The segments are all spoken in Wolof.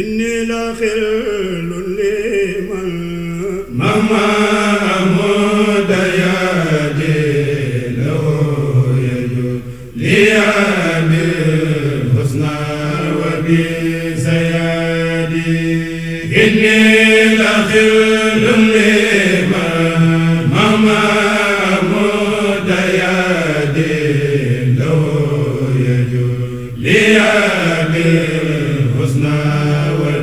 inni la xillu liman mama dayadi law yaju la xillu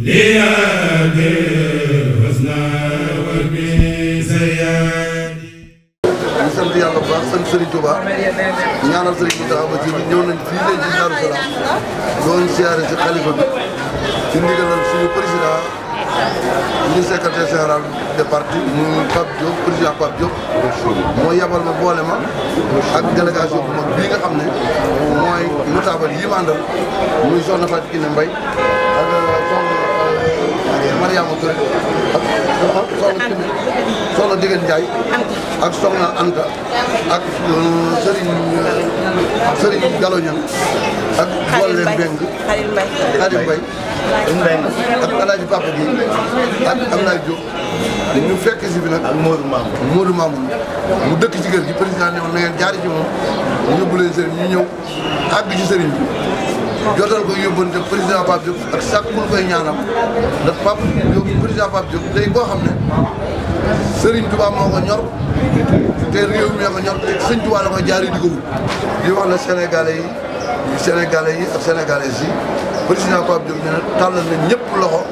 sant yàlla bu baax sant Serigne Touba ñaanal Serigne Touba ba ci ñëw nañ fii leen ci Daaru Salaam doon siyaare ci xalifa bi ci ndigalal suñu président ñu secrétaire général de parti mu Pape Diop président Pape Diop moo yabal ma boole ma ak délégation bu mag bii nga xam ne mooy notable yi ma àndal muy soxna Fatou Kiné Mbaye Mariama Touré ak soxna Kimi soxna Digeen Njaay ak soxna Anta ak euh, Serigne Serigne Gallo Ñan ak Bolle Mbeng Xadim Mbay ak Alaaji Papa gi ak Ablaye Diop ñu fekk si bi nag ak Modou Mamoun Modou mu dëkk jigéen kër gi président ne woon na ngeen jaari ci moom ñu yóbbu leen ñu ñëw àgg ci Serigne bi jotal ko yóbbante président Pape Diop ak sàkkul koy ñaanam ndax Pape Diop président Pape boo xam ne Serigne Touba moo ko ñor te réew mi ko ñor te Serigne Touba la ko jaari di ko wut di wax la Sénégalais yi Sénégalais yi ak Sénégalais yi président Pape Diop nee na tàllal loxo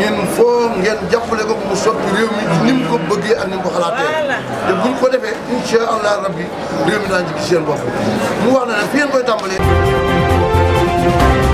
ñun foo ngeen jàppale ko mu sotti réew mi ni ko bëggee ak ni ko xalaatee te buñ ko defee incha allah rabbi réew mi daan ci seen bopp mu wax na ne fi ngeen koy tàmbalee Thank you.